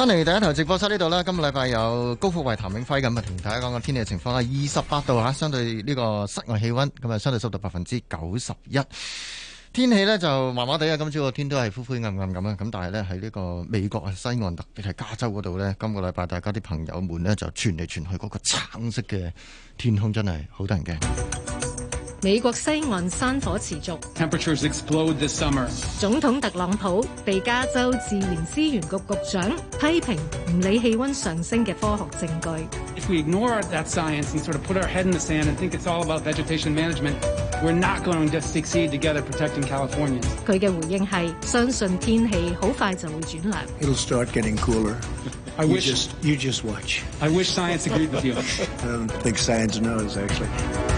翻嚟第一台直播室呢度啦，今個禮拜有高富慧、譚永輝咁啊，同大家講個天氣情況啦，二十八度吓，相對呢個室外氣溫咁啊，相對濕度百分之九十一。天氣呢就麻麻地啊，今朝個天都係灰灰暗暗咁啊，咁但係呢，喺呢個美國啊西岸特別係加州嗰度呢，今個禮拜大家啲朋友們呢就傳嚟傳去嗰個橙色嘅天空真係好得人驚。美國西岸山火持續，總統特朗普被加州自然資源局局長批評唔理氣温上升嘅科學證據。佢嘅回應係相信天氣好快就會轉涼。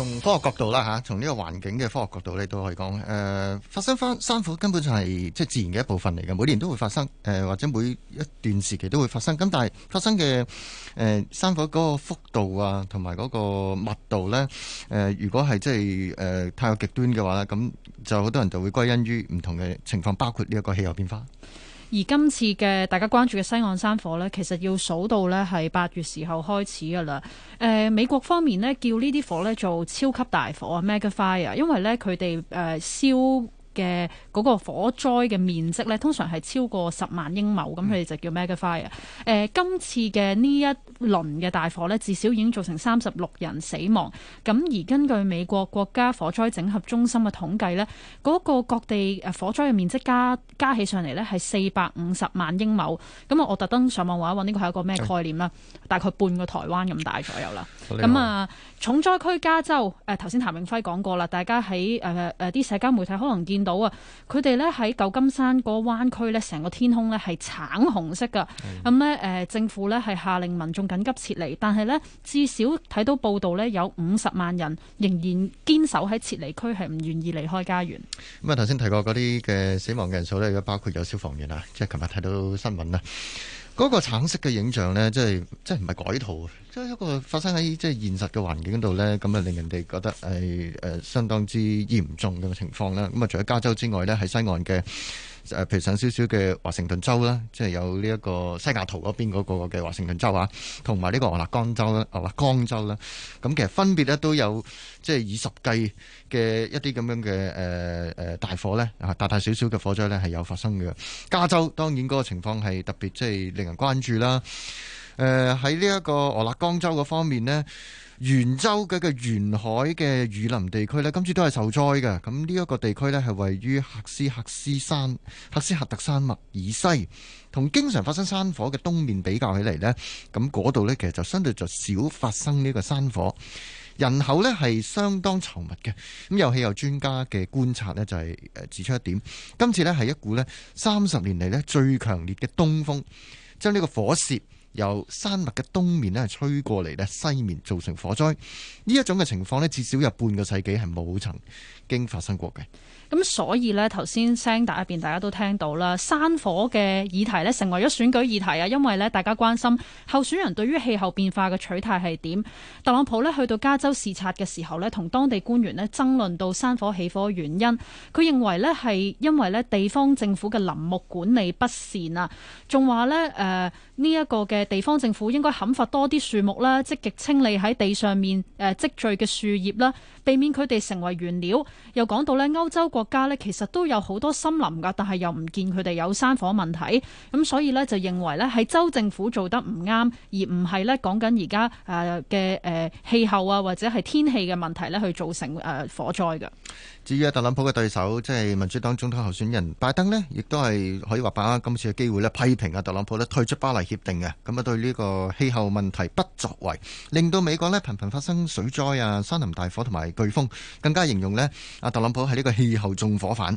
從科學角度啦嚇，從呢個環境嘅科學角度咧，都可以講誒發生翻山火根本就係即係自然嘅一部分嚟嘅，每年都會發生誒、呃、或者每一段時期都會發生。咁但係發生嘅誒、呃、山火嗰個幅度啊，同埋嗰個密度咧誒、呃，如果係即係誒太過極端嘅話咧，咁就好多人就會歸因於唔同嘅情況，包括呢一個氣候變化。而今次嘅大家關注嘅西岸山火咧，其實要數到咧係八月時候開始嘅啦、呃。美國方面呢，叫這些呢啲火咧做超級大火啊，Megafire，因為咧佢哋燒嘅嗰個火災嘅面積咧，通常係超過十萬英畝咁，佢、嗯、哋就叫 Megafire。呃、今次嘅呢一輪嘅大火呢，至少已經造成三十六人死亡。咁而根據美國國家火災整合中心嘅統計呢，嗰個各地誒火災嘅面積加加起上嚟呢，係四百五十萬英畝。咁啊，我特登上網揾一揾，呢個係一個咩概念啦？大概半個台灣咁大左右啦。咁、嗯、啊，重災區加州誒頭先譚永輝講過啦，大家喺誒誒啲社交媒體可能見到啊，佢哋呢喺舊金山嗰個灣區呢，成個天空呢係橙紅色嘅。咁咧誒政府呢係下令民眾，緊急撤離，但係呢，至少睇到報道呢，有五十萬人仍然堅守喺撤離區，係唔願意離開家園。咁啊，頭先提過嗰啲嘅死亡嘅人數呢，包括有消防員啊，即係琴日睇到新聞啦。嗰個橙色嘅影像呢，即係即係唔係改圖，即係一個發生喺即係現實嘅環境度呢，咁啊令人哋覺得係誒相當之嚴重嘅情況啦。咁啊，除咗加州之外呢，喺西岸嘅。誒，譬如上少少嘅華盛頓州啦，即係有呢一個西雅圖嗰邊嗰個嘅華盛頓州啊，同埋呢個俄勒岡州啦，俄勒岡州啦，咁其實分別咧都有即係以十計嘅一啲咁樣嘅誒誒大火咧啊，大大小小嘅火災咧係有發生嘅。加州當然嗰個情況係特別即係令人關注啦。誒喺呢一個俄勒岡州嗰方面呢。圓洲嘅嘅沿海嘅雨林地區呢，今次都係受災嘅。咁呢一個地區呢，係位於喀斯喀斯山、喀斯喀特山脈以西，同經常發生山火嘅東面比較起嚟呢，咁嗰度呢，其實就相對就少發生呢個山火。人口呢，係相當稠密嘅。咁有氣候專家嘅觀察呢，就係誒指出一點，今次呢，係一股呢三十年嚟呢最強烈嘅東風，將呢個火舌。由山脈嘅東面咧，係吹過嚟咧，西面造成火災。呢一種嘅情況咧，至少有半個世紀係冇曾經發生過嘅。咁所以呢，頭先聲帶入面，大家都聽到啦，山火嘅議題咧，成為咗選舉議題啊。因為咧，大家關心候選人對於氣候變化嘅取態係點。特朗普咧去到加州視察嘅時候咧，同當地官員咧爭論到山火起火嘅原因。佢認為咧係因為咧地方政府嘅林木管理不善啊，仲話咧誒呢一個嘅。地方政府應該砍伐多啲樹木啦，積極清理喺地上面誒積聚嘅樹葉啦，避免佢哋成為原料。又講到咧，歐洲國家咧其實都有好多森林噶，但係又唔見佢哋有山火問題。咁所以呢，就認為咧係州政府做得唔啱，而唔係咧講緊而家誒嘅誒氣候啊或者係天氣嘅問題咧去造成誒火災㗎。至於阿特朗普嘅對手，即係民主黨總統候選人拜登呢，亦都係可以話把今次嘅機會咧批評阿特朗普咧退出巴黎協定嘅。咁啊，對呢個氣候問題不作為，令到美國呢頻頻發生水災啊、山林大火同埋颶風，更加形容呢特朗普係呢個氣候縱火犯，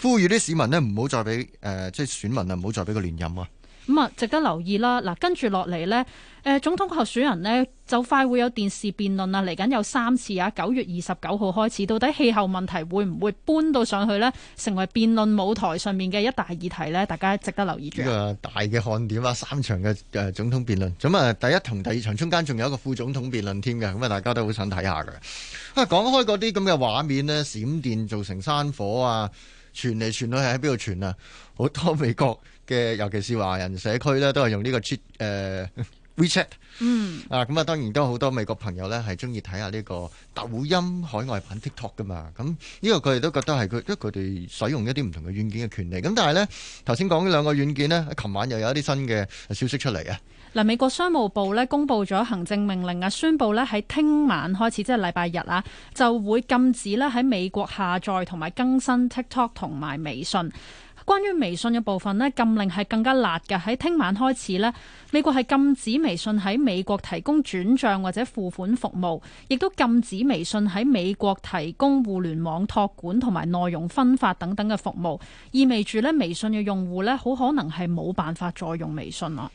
呼籲啲市民呢唔好再俾誒、呃、即係選民啊唔好再俾佢連任啊！咁啊，值得留意啦！嗱，跟住落嚟呢，誒總統候選人呢，就快會有電視辯論啦！嚟緊有三次啊，九月二十九號開始，到底氣候問題會唔會搬到上去呢？成為辯論舞台上面嘅一大議題呢，大家值得留意。呢個大嘅看點啊，三場嘅誒總統辯論，咁啊第一同第二場中間仲有一個副總統辯論添嘅，咁啊大家都好想睇下嘅。啊，講開嗰啲咁嘅畫面呢，閃電造成山火啊，傳嚟傳去係喺邊度傳啊？好多美國。嘅尤其是華人社區咧，都係用呢個出誒 WeChat。嗯啊，咁啊，當然都好多美國朋友咧，係中意睇下呢個抖音海外版 TikTok 噶嘛。咁呢個佢哋都覺得係佢，即係佢哋使用一啲唔同嘅軟件嘅權利。咁但係咧，頭先講呢兩個軟件咧，琴晚又有一啲新嘅消息出嚟啊！嗱，美國商務部咧公佈咗行政命令啊，宣布咧喺聽晚開始，即係禮拜日啊，就會禁止咧喺美國下載同埋更新 TikTok 同埋微信。關於微信嘅部分咧，禁令係更加辣嘅。喺聽晚開始呢，美國係禁止微信喺美國提供轉賬或者付款服務，亦都禁止微信喺美國提供互聯網託管同埋內容分發等等嘅服務。意味住呢，微信嘅用戶呢，好可能係冇辦法再用微信啦。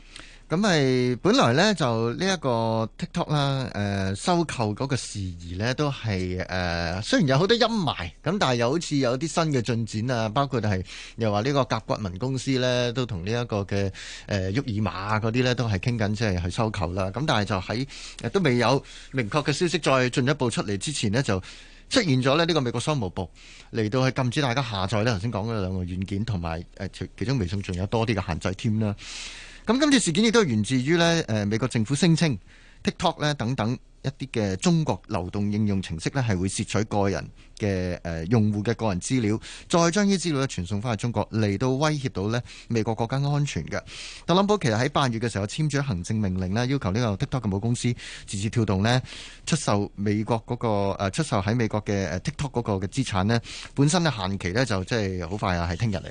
咁係本來呢，就呢一個 TikTok 啦，誒、呃、收購嗰個事宜呢，都係誒、呃、雖然有好多陰霾，咁但係又好似有啲新嘅進展啊，包括係又話呢個甲骨文公司呢，都同呢一個嘅誒沃爾瑪嗰啲呢，都係傾緊即係去收購啦，咁但係就喺都未有明確嘅消息再進一步出嚟之前呢，就出現咗呢、這個美國商務部嚟到去禁止大家下載呢頭先講嗰兩個軟件，同埋誒其中微信仲有多啲嘅限制添啦。咁今次事件亦都係源自於呢誒美國政府聲稱 TikTok 咧等等。一啲嘅中國流動應用程式呢，係會竊取個人嘅誒用戶嘅個人資料，再將呢啲資料咧傳送翻去中國，嚟到威脅到呢美國國家安全嘅。特朗普其實喺八月嘅時候簽咗行政命令咧，要求呢個 TikTok 嘅母公司字節跳動呢，出售美國嗰個，誒出售喺美國嘅 TikTok 嗰個嘅資產呢。本身咧限期呢，就即係好快啊，係聽日嚟嘅。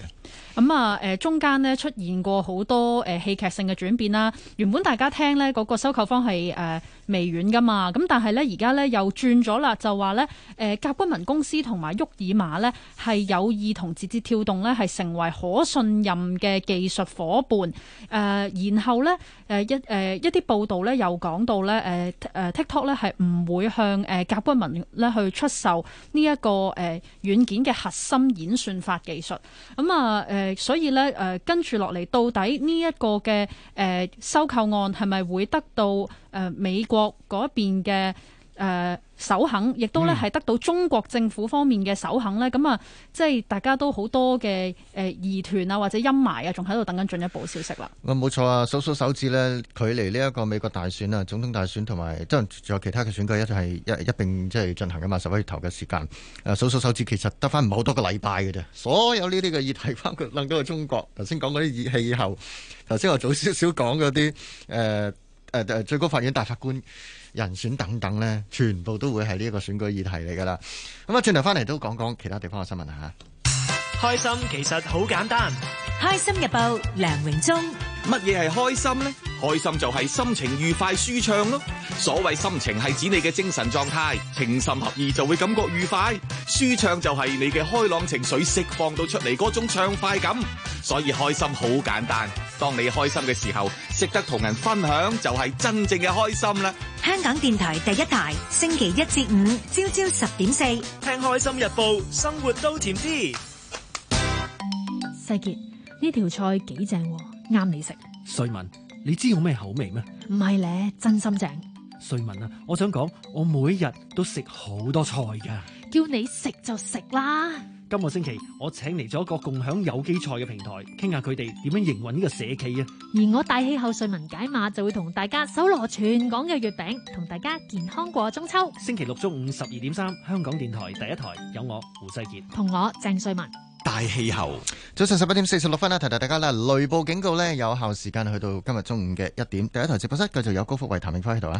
咁啊，誒中間呢，出現過好多誒戲劇性嘅轉變啦。原本大家聽呢嗰個收購方係誒。微軟噶嘛咁，但係呢，而家呢又轉咗啦，就話呢，誒，甲骨文公司同埋沃爾瑪呢係有意同字節跳動呢係成為可信任嘅技術伙伴。誒、呃，然後呢，誒、呃、一誒、呃、一啲報道呢又講到呢誒誒、呃、TikTok 呢係唔會向誒甲骨文咧去出售呢、這、一個誒軟、呃、件嘅核心演算法技術。咁啊誒，所以呢，誒跟住落嚟，到底呢一個嘅誒、呃、收購案係咪會得到？誒、呃、美國嗰邊嘅誒、呃、首肯，亦都咧係得到中國政府方面嘅首肯呢咁啊，即、嗯、係大家都好多嘅誒疑團啊，或者陰霾啊，仲喺度等緊進一步消息啦。啊，冇錯啊，數數手指呢，距離呢一個美國大選啊，總統大選同埋即係仲有其他嘅選舉一齊一一,一,一並即係進行嘅嘛，十一月頭嘅時間，誒數數手指其實得翻唔係好多個禮拜嘅啫。所有呢啲嘅議題翻佢諗到去中國頭先講嗰啲熱氣候，頭先我早少少講嗰啲誒。呃誒最高法院大法官人選等等咧，全部都會係呢個選舉議題嚟噶啦。咁啊，轉頭翻嚟都講講其他地方嘅新聞吓。開心其實好簡單，開心日報梁榮忠。乜嘢係開心呢？開心就係心情愉快舒暢咯。所謂心情係指你嘅精神狀態，情深合意就會感覺愉快舒暢，就係你嘅開朗情緒釋放到出嚟嗰種暢快感。所以開心好簡單。當你開心嘅時候，識得同人分享就係、是、真正嘅開心啦！香港電台第一台，星期一至五朝朝十點四，聽開心日報，生活都甜啲。細傑呢條菜幾正，啱你食。瑞文，你知我咩口味咩？唔係咧，真心正。瑞文啊，我想講，我每一日都食好多菜噶，叫你食就食啦。今個星期我請嚟咗一個共享有機菜嘅平台，傾下佢哋點樣營運呢個社企啊！而我大氣候瑞文解碼就會同大家搜羅全港嘅月餅，同大家健康過中秋。星期六中午十二點三，香港電台第一台有我胡世杰同我鄭瑞文大氣候。早上十一點四十六分啦，提提大家啦，雷暴警告咧，有效時間去到今日中午嘅一點。第一台直播室繼續有高福慧、譚永輝喺度啊。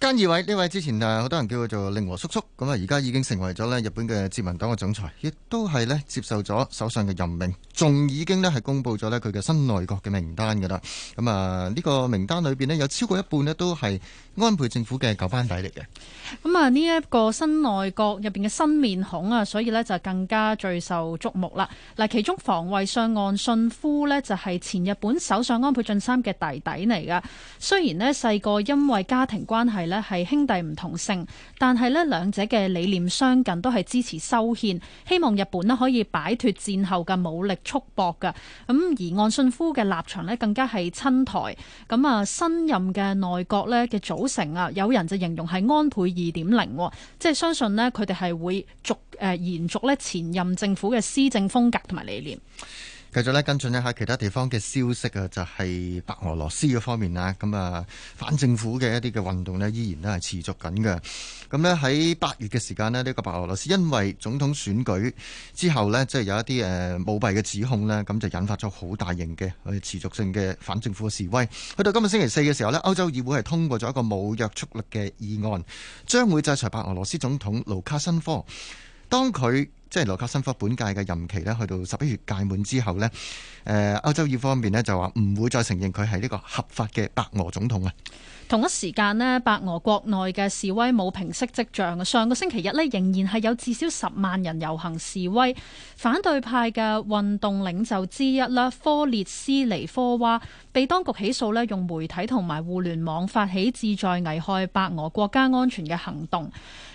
菅義偉呢位之前啊，好多人叫佢做令和叔叔，咁啊，而家已經成為咗呢日本嘅自民黨嘅總裁，亦都係咧接受咗首相嘅任命，仲已經呢係公布咗呢佢嘅新內閣嘅名單嘅啦。咁啊，呢個名單裏邊呢有超過一半呢都係安倍政府嘅舊班底嚟嘅。咁啊，呢一個新內閣入邊嘅新面孔啊，所以呢就更加最受矚目啦。嗱，其中防衛相岸信夫呢，就係前日本首相安倍晉三嘅弟弟嚟噶。雖然呢細個因為家庭關係，咧係兄弟唔同姓，但係咧兩者嘅理念相近，都係支持修憲，希望日本咧可以擺脫戰後嘅武力束縛嘅。咁而岸信夫嘅立場咧更加係親台咁啊。新任嘅內閣咧嘅組成啊，有人就形容係安倍二點零，即係相信咧佢哋係會續誒、呃、延續咧前任政府嘅施政風格同埋理念。繼續咧跟進一下其他地方嘅消息啊，就係白俄羅斯嘅方面啊，咁啊反政府嘅一啲嘅運動呢，依然都係持續緊嘅。咁呢，喺八月嘅時間呢，呢個白俄羅斯因為總統選舉之後呢，即係有一啲誒舞弊嘅指控呢，咁就引發咗好大型嘅持續性嘅反政府嘅示威。去到今日星期四嘅時候呢，歐洲議會係通過咗一個冇約束力嘅議案，將會制裁白俄羅斯總統盧卡申科，當佢。即係盧卡申科本屆嘅任期咧，去到十一月屆滿之後咧，誒、呃、歐洲議方面咧就話唔會再承認佢係呢個合法嘅白俄總統啊。同一時間咧，白俄國內嘅示威冇平息跡象啊！上個星期日咧，仍然係有至少十萬人遊行示威。反對派嘅運動領袖之一啦，科列斯尼科娃被當局起訴咧，用媒體同埋互聯網發起旨在危害白俄國家安全嘅行動。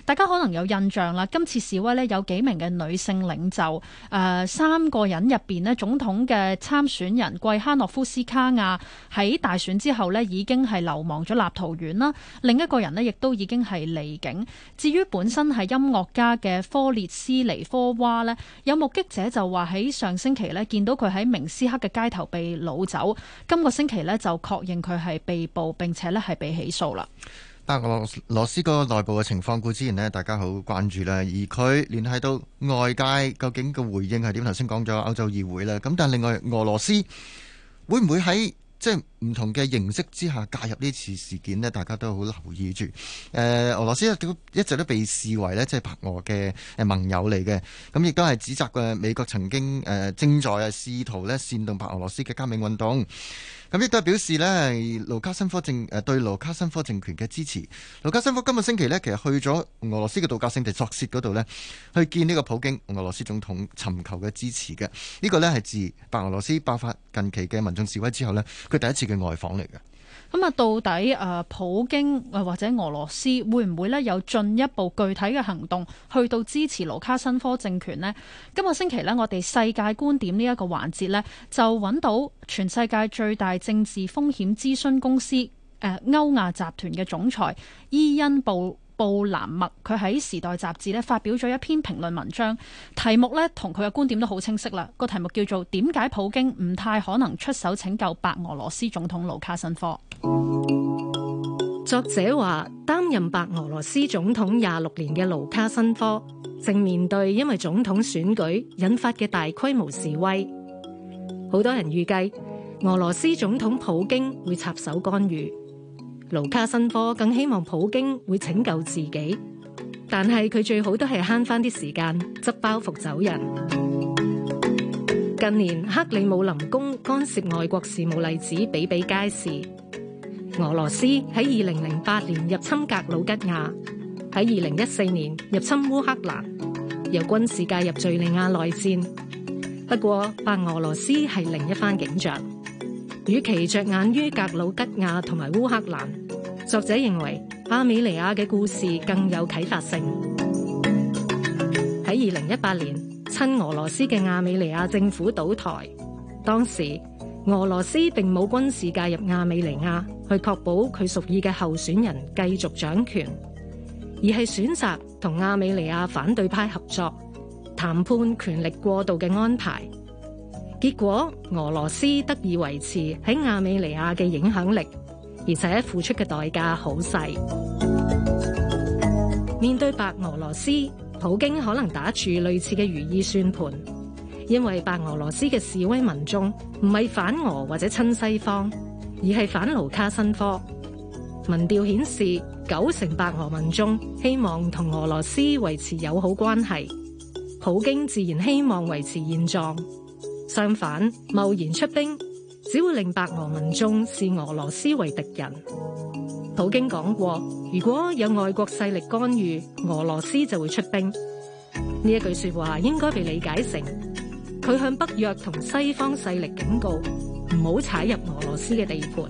大家可能有印象啦，今次示威咧有幾名嘅女性領袖，誒、呃、三個人入邊咧，總統嘅參選人貴哈諾夫斯卡亞喺大選之後咧已經係流亡咗立陶宛啦，另一個人咧亦都已經係離境。至於本身係音樂家嘅科列斯尼科娃咧，有目擊者就話喺上星期咧見到佢喺明斯克嘅街頭被擄走，今個星期咧就確認佢係被捕並且咧係被起訴啦。但俄羅斯個內部嘅情況，固之然呢大家好關注啦，而佢聯繫到外界究竟個回應係點？頭先講咗歐洲議會啦，咁但係另外俄羅斯會唔會喺即係，唔同嘅形式之下介入呢次事件咧，大家都好留意住。誒，俄羅斯一直都被視為咧，即係白俄嘅盟友嚟嘅。咁亦都係指責嘅美國曾經誒正在試圖咧煽動白俄羅斯嘅革命運動。咁亦都係表示呢係盧卡申科政誒對盧卡申科政權嘅支持。盧卡申科今個星期呢，其實去咗俄羅斯嘅度假勝地索契嗰度呢，去見呢個普京，俄羅斯總統尋求嘅支持嘅。呢個呢，係自白俄羅斯爆發近期嘅民眾示威之後呢，佢第一次外訪嚟嘅，咁啊到底誒普京誒或者俄羅斯會唔會咧有進一步具體嘅行動去到支持盧卡申科政權咧？今個星期咧，我哋世界觀點呢一個環節咧，就揾到全世界最大政治風險諮詢公司誒歐亞集團嘅總裁伊恩布。布蘭默佢喺《時代雜誌》咧發表咗一篇評論文章，題目咧同佢嘅觀點都好清晰啦。個題目叫做《點解普京唔太可能出手拯救白俄羅斯總統盧卡申科》。作者話，擔任白俄羅斯總統廿六年嘅盧卡申科正面對因為總統選舉引發嘅大規模示威，好多人預計俄羅斯總統普京會插手干預。盧卡申科更希望普京會拯救自己，但係佢最好都係慳翻啲時間，執包袱走人。近年克里姆林宮干涉外國事務例子比比皆是。俄羅斯喺二零零八年入侵格魯吉亞，喺二零一四年入侵烏克蘭，由軍事介入敘利亞內戰。不過白俄羅斯係另一番景象，與其着眼於格魯吉亞同埋烏克蘭。作者認為亞美尼亞嘅故事更有啟發性。喺二零一八年，親俄羅斯嘅亞美尼亞政府倒台，當時俄羅斯並冇軍事介入亞美尼亞，去確保佢屬意嘅候選人繼續掌權，而係選擇同亞美尼亞反對派合作，談判權力過度嘅安排，結果俄羅斯得以維持喺亞美尼亞嘅影響力。而且付出嘅代價好細。面對白俄羅斯，普京可能打住類似嘅如意算盤，因為白俄羅斯嘅示威民眾唔係反俄或者親西方，而係反盧卡申科。民調顯示九成白俄民眾希望同俄羅斯維持友好關係，普京自然希望維持現狀。相反，貿然出兵。只會令白俄民眾視俄羅斯為敵人。普京講過，如果有外國勢力干預，俄羅斯就會出兵。呢一句說話應該被理解成，佢向北約同西方勢力警告，唔好踩入俄羅斯嘅地盤，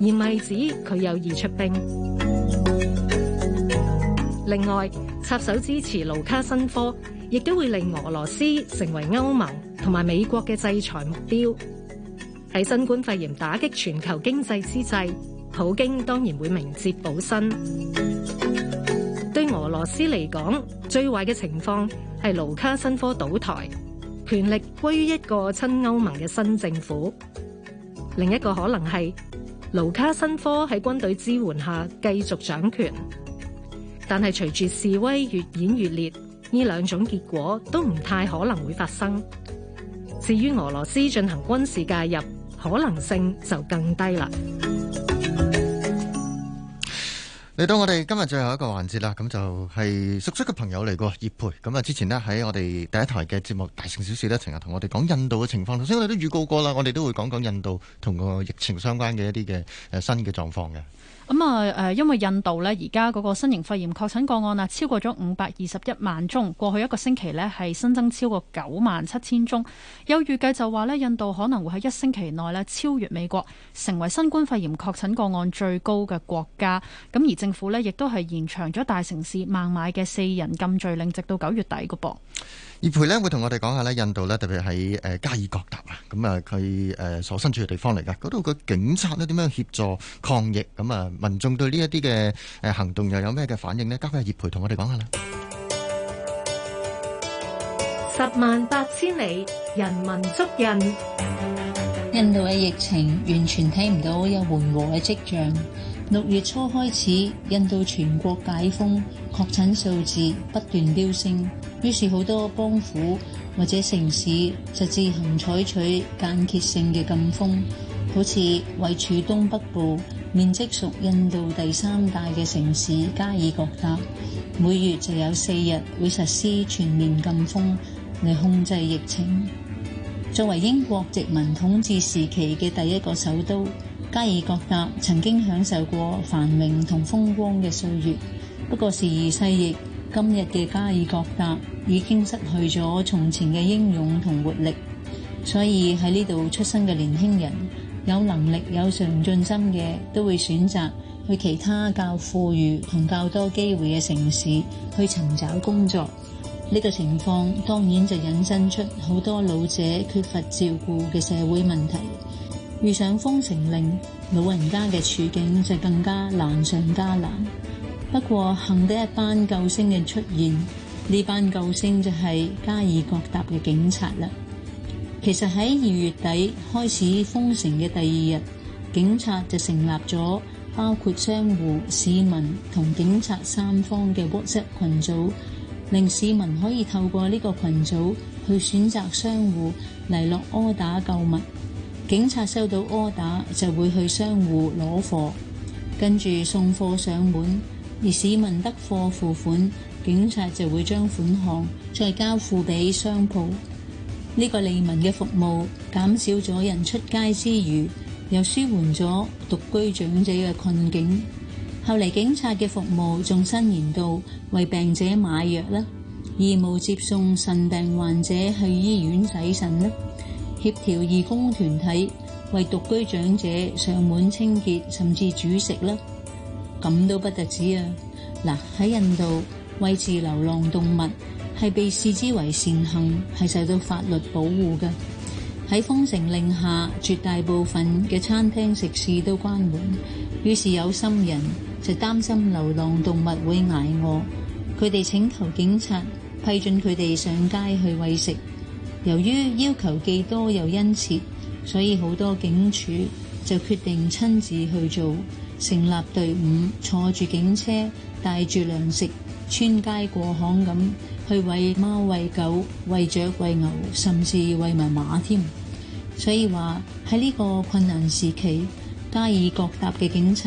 而唔係指佢有意出兵。另外，插手支持盧卡申科，亦都會令俄羅斯成為歐盟同埋美國嘅制裁目標。喺新冠肺炎打擊全球經濟之際，普京當然會明哲保身。對俄羅斯嚟講，最壞嘅情況係盧卡申科倒台，權力歸於一個親歐盟嘅新政府；另一個可能係盧卡申科喺軍隊支援下繼續掌權。但係隨住示威越演越烈，呢兩種結果都唔太可能會發生。至於俄羅斯進行軍事介入，可能性就更低啦。嚟到我哋今日最後一個環節啦，咁就係熟悉嘅朋友嚟過葉培，咁啊之前呢，喺我哋第一台嘅節目大城小事呢，成日同我哋講印度嘅情況。頭先我哋都預告過啦，我哋都會講講印度同個疫情相關嘅一啲嘅誒新嘅狀況嘅。咁、嗯、啊，誒、呃，因為印度咧，而家嗰個新型肺炎確診個案啊，超過咗五百二十一萬宗。過去一個星期咧，係新增超過九萬七千宗。有預計就話咧，印度可能會喺一星期內咧超越美國，成為新冠肺炎確診個案最高嘅國家。咁而政府咧，亦都係延長咗大城市孟買嘅四人禁聚令，直到九月底個噃。葉培咧會同我哋講下咧，印度咧特別喺誒加爾各答啊，咁啊佢誒所身處嘅地方嚟噶，嗰度個警察咧點樣協助抗疫？咁啊民眾對呢一啲嘅誒行動又有咩嘅反應呢？交畀葉培同我哋講下啦。十萬八千里，人文足印。印度嘅疫情完全睇唔到有緩和嘅跡象。六月初開始，印度全國解封，確診數字不斷飆升，於是好多邦府或者城市就自行採取間歇性嘅禁封。好似位處東北部、面積屬印度第三大嘅城市加爾各答，每月就有四日會實施全面禁封，嚟控制疫情。作為英國殖民統治時期嘅第一個首都，加爾各答曾經享受過繁榮同風光嘅歲月，不過時而世易，今日嘅加爾各答已經失去咗從前嘅英勇同活力。所以喺呢度出生嘅年輕人，有能力有上進心嘅，都會選擇去其他較富裕同較多機會嘅城市去尋找工作。呢個情況當然就引申出好多老者缺乏照顧嘅社會問題。遇上封城令，老人家嘅處境就更加難上加難。不過幸得一班救星嘅出現，呢班救星就係加爾各答嘅警察啦。其實喺二月底開始封城嘅第二日，警察就成立咗包括商戶、市民同警察三方嘅 WhatsApp 群組，令市民可以透過呢個群組去選擇商戶嚟落柯打購物。警察收到柯打，就會去商戶攞貨，跟住送貨上門，而市民得貨付款，警察就會將款項再交付俾商鋪。呢、這個利民嘅服務減少咗人出街之餘又舒緩咗獨居長者嘅困境。後嚟警察嘅服務仲伸延到為病者買藥啦，義務接送腎病患者去醫院洗腎咧。協調義工團體為獨居長者上門清潔，甚至煮食啦，咁都不特止啊！嗱，喺印度餵飼流浪動物係被視之為善行，係受到法律保護嘅。喺封城令下，絕大部分嘅餐廳食肆都關門，於是有心人就擔心流浪動物會捱餓，佢哋請求警察批准佢哋上街去餵食。由於要求既多又殷切，所以好多警署就決定親自去做，成立隊伍，坐住警車，帶住糧食，穿街過巷咁去餵貓餵狗，餵雀，餵牛，甚至餵埋馬添。所以話喺呢個困難時期，加爾各答嘅警察。